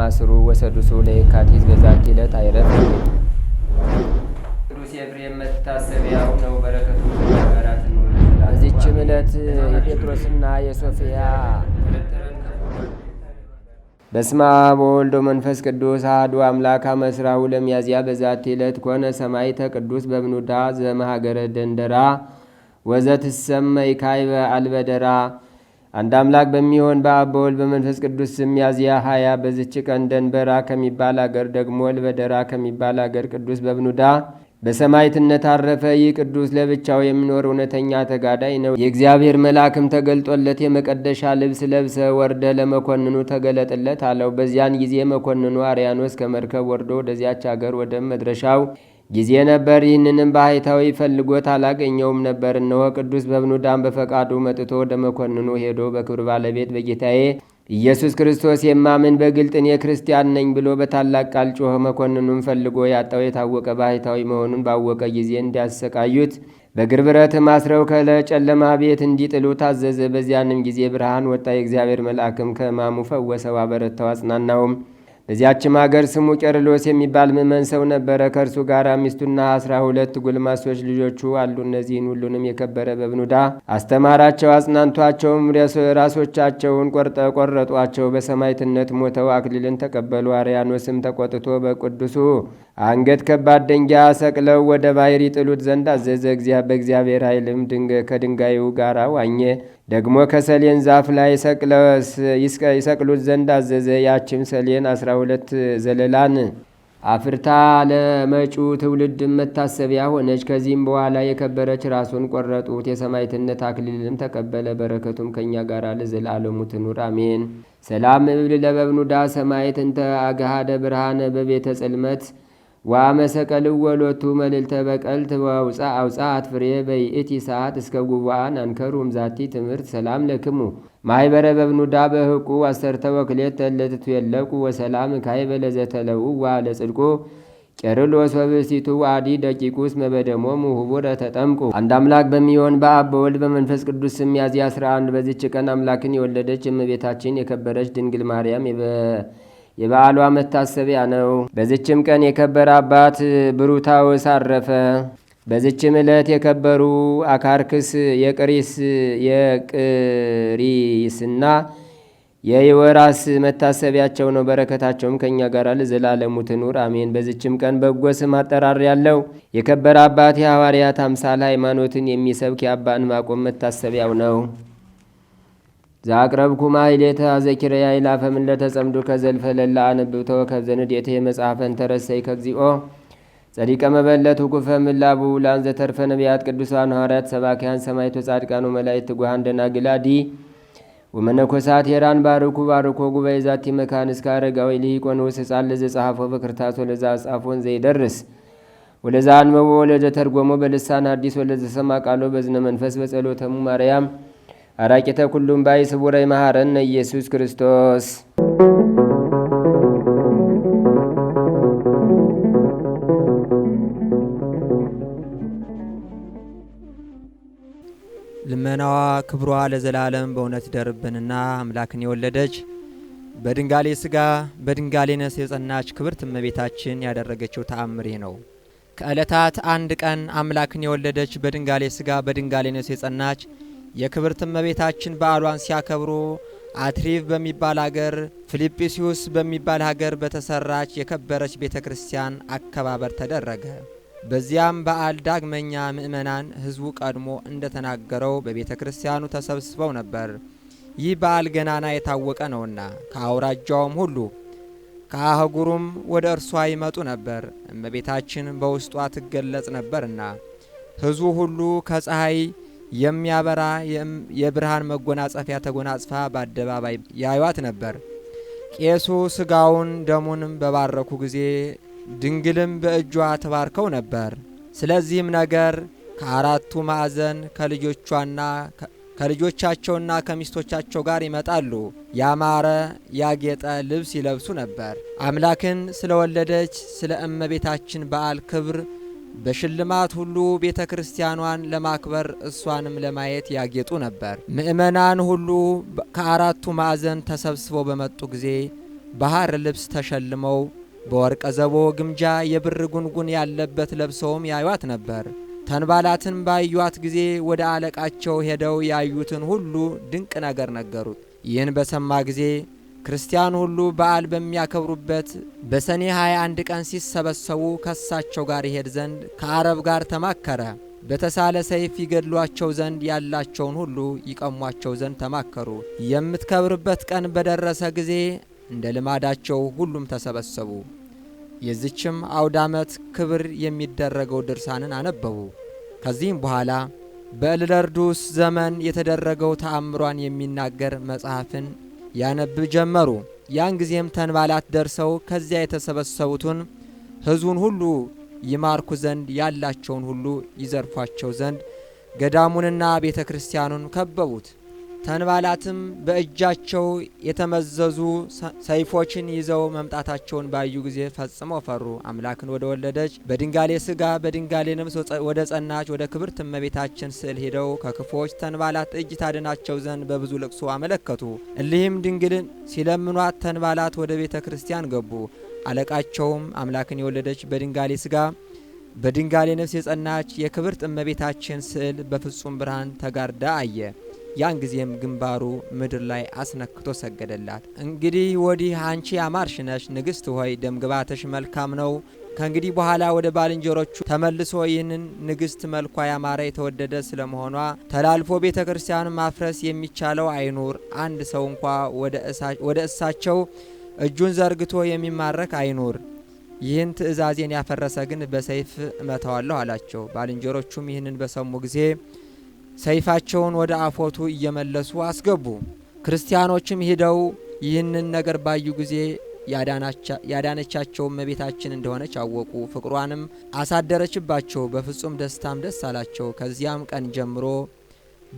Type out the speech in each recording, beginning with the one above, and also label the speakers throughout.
Speaker 1: ማስሩ ወሰዱሱ ለየካቲት በዛቲ ዕለት አይረፍ። ቅዱስ ኤፍሬም መታሰቢያው ነው። በረከቱ ጋራት በዚችም ዕለት የጴጥሮስና የሶፊያ በስማ በወልዶ መንፈስ ቅዱስ አህዱ አምላክ አመስራው ለሚያዝያ በዛቲ ዕለት ኮነ ሰማዕተ ቅዱስ በብኑዳ ዘመሃገረ ደንደራ ወዘትሰመ ይካዕበ አልበደራ አንድ አምላክ በሚሆን በአብ በወልድ በመንፈስ ቅዱስ ስም ሚያዝያ ሀያ በዝች ቀን ደንበራ ከሚባል አገር ደግሞ ልበደራ ከሚባል አገር ቅዱስ በብኑዳ በሰማይትነት አረፈ። ይህ ቅዱስ ለብቻው የሚኖር እውነተኛ ተጋዳይ ነው። የእግዚአብሔር መልአክም ተገልጦለት የመቀደሻ ልብስ ለብሰ ወርደ ለመኮንኑ ተገለጥለት አለው። በዚያን ጊዜ መኮንኑ አርያኖስ ከመርከብ ወርዶ ወደዚያች አገር ወደ መድረሻው ጊዜ ነበር። ይህንንም ባህታዊ ፈልጎት አላገኘውም ነበር። እነሆ ቅዱስ በብኑዳን በፈቃዱ መጥቶ ወደ መኮንኑ ሄዶ በክብር ባለቤት በጌታዬ ኢየሱስ ክርስቶስ የማምን በግልጥን የክርስቲያን ክርስቲያን ነኝ ብሎ በታላቅ ቃል ጮኸ። መኮንኑም ፈልጎ ያጣው የታወቀ ባህታዊ መሆኑን ባወቀ ጊዜ እንዲያሰቃዩት በእግር ብረትም አስረው ከጨለማ ቤት እንዲጥሉ ታዘዘ። በዚያንም ጊዜ ብርሃን ወጣ። የእግዚአብሔር መልአክም ከሕማሙ ፈወሰው፣ አበረታው፣ አጽናናውም። በዚያችም አገር ስሙ ቄርሎስ የሚባል ምእመን ሰው ነበረ። ከእርሱ ጋር ሚስቱና አስራ ሁለት ጎልማሶች ልጆቹ አሉ። እነዚህን ሁሉንም የከበረ በብኑዳ አስተማራቸው፣ አጽናንቷቸውም ራሶቻቸውን ቆረጧቸው። በሰማይትነት ሞተው አክሊልን ተቀበሉ። አርያኖስም ተቆጥቶ በቅዱሱ አንገት ከባድ ደንጊያ ሰቅለው ወደ ባሕር ይጥሉት ዘንድ አዘዘ። በእግዚአብሔር ኃይልም ከድንጋዩ ጋር ዋኘ። ደግሞ ከሰሌን ዛፍ ላይ ይሰቅሉት ዘንድ አዘዘ። ያችም ሰሌን አስራ ሁለት ዘለላን አፍርታ ለመጩ ትውልድ መታሰቢያ ሆነች። ከዚህም በኋላ የከበረች ራሱን ቆረጡት። የሰማይትነት አክሊልም ተቀበለ። በረከቱም ከእኛ ጋር ለዘላለሙ ትኑር አሜን። ሰላም እብል ለበብኑዳ ሰማይት እንተ አግሃደ ብርሃነ በቤተ ጽልመት ዋመሰቀልዎ ሎቱ መልዕልተ በቀልት ወውፃ አውፃት አትፍሬ በይእቲ ሰዓት እስከ ጉባአን አንከሩ ዛቲ ትምህርት ሰላም ለክሙ ማይበረ በብኑዳ በህቁ አሰርተ ወክሌተ ለትቱ የለቁ ወሰላም ካይ በለዘተለው ዋ ለጽድቁ ቄርሎስ ወብሲቱ ዋዲ ደቂቁስ መበደሞም ሁቡረ ተጠምቁ አንድ አምላክ በሚሆን በአብ በወልድ በመንፈስ ቅዱስ ስም ሚያዝያ 11 በዚች ቀን አምላክን የወለደች እመቤታችን የከበረች ድንግል ማርያም የበዓሏ መታሰቢያ ነው። በዝችም ቀን የከበረ አባት ብሩታውስ አረፈ። በዝችም ዕለት የከበሩ አካርክስ የቅሪስ የቅሪስና የወራስ መታሰቢያቸው ነው። በረከታቸውም ከእኛ ጋር ለዘላለሙ ትኑር አሜን። በዝችም ቀን በጎ ስም አጠራር ያለው የከበረ አባት የሐዋርያት አምሳል ሃይማኖትን የሚሰብክ የአባን ማቆም መታሰቢያው ነው። ዛቅረብኩ ማይሌተ አዘኪረያ ይላፈምን ለተጸምዱ ከዘልፈ ከዘልፈለላ አንብብተ ከብዘንዴቴ የመጽሐፈን ተረሰይ ከግዚኦ ጸዲቀ መበለት ኩፈ ምላቡ ላን ዘተርፈ ነቢያት ቅዱሳን ሐዋርያት ሰባኪያን ሰማይቶ ጻድቃኑ መላይት መላእክት ጉሃን ዲ ወመነኮሳት የራን ባርኩ ባርኮ ጉባኤ ዛቲ መካን እስከ አረጋዊ ልሂቆን ውስ ህፃን ለዘጸሐፎ በክርታስ ወለዛ ጻፎን ዘይደርስ ወለዛ አንመቦ አንበቦ ወለዘተርጎሞ በልሳን አዲስ ወለዘሰማ ቃሎ በዝነ መንፈስ በጸሎተሙ ማርያም አራቂተ ኩሉም ባይ ስቡረይ መሐረነ ኢየሱስ ክርስቶስ ልመናዋ ክብሯ ለዘላለም በእውነት ይደርብንና አምላክን የወለደች በድንጋሌ ስጋ በድንጋሌ ነፍስ የጸናች ክብርት እመቤታችን ያደረገችው ተአምር ነው። ከዕለታት አንድ ቀን አምላክን የወለደች በድንጋሌ ስጋ በድንጋሌ ነፍስ የጸናች የክብርት እመቤታችን በዓሏን ሲያከብሩ አትሪቭ በሚባል አገር ፊልጵስዩስ በሚባል ሀገር በተሰራች የከበረች ቤተ ክርስቲያን አከባበር ተደረገ። በዚያም በዓል ዳግመኛ ምእመናን ሕዝቡ ቀድሞ እንደተናገረው በቤተ ክርስቲያኑ ተሰብስበው ነበር። ይህ በዓል ገናና የታወቀ ነውና ከአውራጃውም ሁሉ ከአህጉሩም ወደ እርሷ ይመጡ ነበር። እመቤታችን በውስጧ ትገለጽ ነበርና ሕዝቡ ሁሉ ከፀሐይ የሚያበራ የብርሃን መጎናጸፊያ ተጎናጽፋ በአደባባይ ያዩዋት ነበር። ቄሱ ስጋውን ደሙንም በባረኩ ጊዜ ድንግልም በእጇ ተባርከው ነበር። ስለዚህም ነገር ከአራቱ ማዕዘን ከልጆቿና ከልጆቻቸውና ከሚስቶቻቸው ጋር ይመጣሉ። ያማረ ያጌጠ ልብስ ይለብሱ ነበር። አምላክን ስለወለደች ስለ እመቤታችን በዓል ክብር በሽልማት ሁሉ ቤተ ክርስቲያኗን ለማክበር እሷንም ለማየት ያጌጡ ነበር። ምእመናን ሁሉ ከአራቱ ማዕዘን ተሰብስበው በመጡ ጊዜ ባህር ልብስ ተሸልመው በወርቀ ዘቦ ግምጃ የብር ጉንጉን ያለበት ለብሰውም ያዩት ነበር። ተንባላትን ባዩት ጊዜ ወደ አለቃቸው ሄደው ያዩትን ሁሉ ድንቅ ነገር ነገሩት። ይህን በሰማ ጊዜ ክርስቲያን ሁሉ በዓል በሚያከብሩበት በሰኔ 21 ቀን ሲሰበሰቡ ከሳቸው ጋር ይሄድ ዘንድ ከአረብ ጋር ተማከረ። በተሳለ ሰይፍ ይገድሏቸው ዘንድ ያላቸውን ሁሉ ይቀሟቸው ዘንድ ተማከሩ። የምትከብርበት ቀን በደረሰ ጊዜ እንደ ልማዳቸው ሁሉም ተሰበሰቡ። የዚችም አውደ ዓመት ክብር የሚደረገው ድርሳንን አነበቡ። ከዚህም በኋላ በእልደርዱስ ዘመን የተደረገው ተአምሯን የሚናገር መጽሐፍን ያነብ ጀመሩ። ያን ጊዜም ተንባላት ደርሰው ከዚያ የተሰበሰቡትን ሕዝቡን ሁሉ ይማርኩ ዘንድ ያላቸውን ሁሉ ይዘርፏቸው ዘንድ ገዳሙንና ቤተ ክርስቲያኑን ከበቡት። ተንባላትም በእጃቸው የተመዘዙ ሰይፎችን ይዘው መምጣታቸውን ባዩ ጊዜ ፈጽመው ፈሩ። አምላክን ወደ ወለደች በድንጋሌ ስጋ በድንጋሌ ነፍስ ወደ ጸናች ወደ ክብርት እመቤታችን ስዕል ሄደው ከክፎች ተንባላት እጅ ታድናቸው ዘንድ በብዙ ልቅሶ አመለከቱ። እሊህም ድንግልን ሲለምኗት ተንባላት ወደ ቤተ ክርስቲያን ገቡ። አለቃቸውም አምላክን የወለደች በድንጋሌ ስጋ በድንጋሌ ነፍስ የጸናች የክብርት እመቤታችን ስዕል በፍጹም ብርሃን ተጋርዳ አየ። ያን ጊዜም ግንባሩ ምድር ላይ አስነክቶ ሰገደላት። እንግዲህ ወዲህ አንቺ አማርሽ ነሽ ንግሥት ሆይ ደምግባትሽ መልካም ነው። ከእንግዲህ በኋላ ወደ ባልንጀሮቹ ተመልሶ ይህንን ንግሥት መልኳ ያማረ የተወደደ ስለመሆኗ ተላልፎ ቤተ ክርስቲያን ማፍረስ የሚቻለው አይኑር። አንድ ሰው እንኳ ወደ እሳቸው እጁን ዘርግቶ የሚማረክ አይኑር። ይህን ትእዛዜን ያፈረሰ ግን በሰይፍ እመታዋለሁ አላቸው። ባልንጀሮቹም ይህንን በሰሙ ጊዜ ሰይፋቸውን ወደ አፎቱ እየመለሱ አስገቡ። ክርስቲያኖችም ሂደው ይህንን ነገር ባዩ ጊዜ ያዳነቻቸው እመቤታችን እንደሆነች አወቁ። ፍቅሯንም አሳደረችባቸው። በፍጹም ደስታም ደስ አላቸው። ከዚያም ቀን ጀምሮ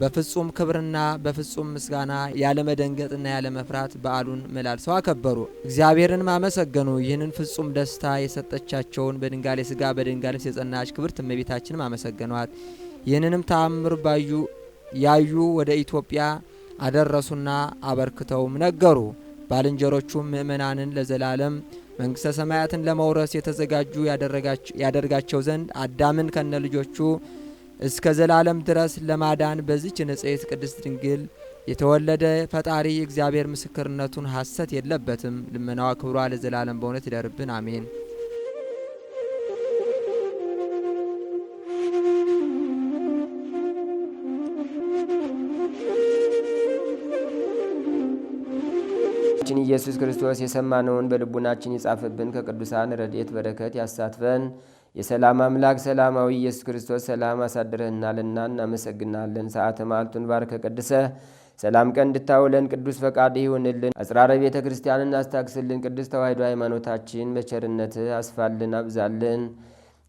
Speaker 1: በፍጹም ክብርና በፍጹም ምስጋና ያለመደንገጥና ያለመፍራት መፍራት በዓሉን መላልሰው አከበሩ። እግዚአብሔርንም አመሰገኑ። ይህንን ፍጹም ደስታ የሰጠቻቸውን በድንጋሌ ስጋ በድንጋሌ የጸናች ክብርት እመቤታችንም አመሰገኗት። ይህንንም ተአምር ባዩ ያዩ ወደ ኢትዮጵያ አደረሱና አበርክተውም ነገሩ። ባልንጀሮቹም ምእመናንን ለዘላለም መንግሥተ ሰማያትን ለመውረስ የተዘጋጁ ያደርጋቸው ዘንድ አዳምን ከነ ልጆቹ እስከ ዘላለም ድረስ ለማዳን በዚች ንጽሕት ቅድስት ድንግል የተወለደ ፈጣሪ እግዚአብሔር ምስክርነቱን ሐሰት የለበትም። ልመናዋ ክብሯ ለዘላለም በእውነት ይደርብን፣ አሜን። ችን ኢየሱስ ክርስቶስ የሰማነውን በልቡናችን ይጻፍብን፣ ከቅዱሳን ረድኤት በረከት ያሳትፈን። የሰላም አምላክ ሰላማዊ ኢየሱስ ክርስቶስ ሰላም አሳድረህናልና እናመሰግናለን። ሰዓተ ማልቱን ባርከ ቀድሰ ሰላም ቀን እንድታውለን ቅዱስ ፈቃድ ይሁንልን። አጽራረ ቤተ ክርስቲያን አስታክስልን። ቅዱስ ተዋሕዶ ሃይማኖታችን በቸርነት አስፋልን፣ አብዛልን።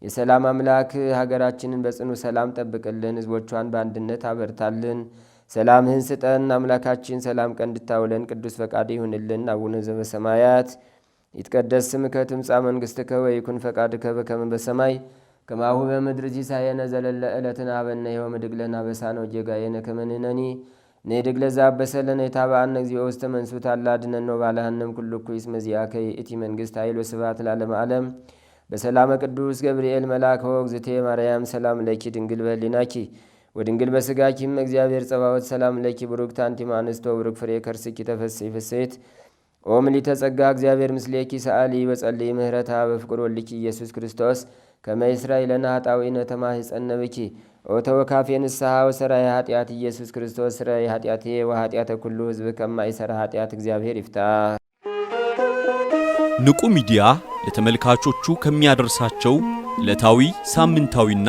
Speaker 1: የሰላም አምላክ ሀገራችንን በጽኑ ሰላም ጠብቅልን፣ ህዝቦቿን በአንድነት አበርታልን። ሰላምህን ስጠን። አምላካችን ሰላም ቀን እንድታውለን ቅዱስ ፈቃድ ይሁንልን። አቡነ ዘበሰማያት ይትቀደስ ስምከ ትምጻእ መንግሥትከ ወይኩን ፈቃድከ በከመ በሰማይ ከማሁ በምድር ሲሳየነ ዘለለ ዕለትነ ሀበነ ዮም ወኅድግ ለነ አበሳነ ወጌጋየነ ከመ ንሕነኒ ንኅድግ ለዘአበሰ ለነ የታበአነ እግዚኦ ውስተ መንሱት አላ ወባልሐነም ኩሉ ኩይስ መዚአከ ይእቲ መንግሥት ኃይል ወስብሐት ለዓለመ ዓለም በሰላመ ቅዱስ ገብርኤል መልአክ ሆ ማርያም ሰላም ለኪ ድንግል በኅሊናኪ ወድንግል በስጋኪም እግዚአብሔር ጸባወት ሰላም ለኪ ብሩክ አንቲ እምአንስቶ ብሩክ ፍሬ ከርስኪ ተፈሥሒ ፍሴት ኦም ምልዕተ ጸጋ እግዚአብሔር ምስሌኪ ሰአሊ በጸልይ ምህረታ በፍቅር ወልኪ ኢየሱስ ክርስቶስ ከመ ይሥራይ ነተማ ይጸነብኪ ተማኅፀነ ካፌ ኦ ንስሓ ወሰራይ ኃጢአት ኢየሱስ ክርስቶስ ስራይ ኃጢአቴ ወኃጢአተ ኩሉ ሕዝብ ከማይሠራ ኃጢአት እግዚአብሔር ይፍታ።
Speaker 2: ንቁ ሚዲያ ለተመልካቾቹ ከሚያደርሳቸው ዕለታዊ ሳምንታዊና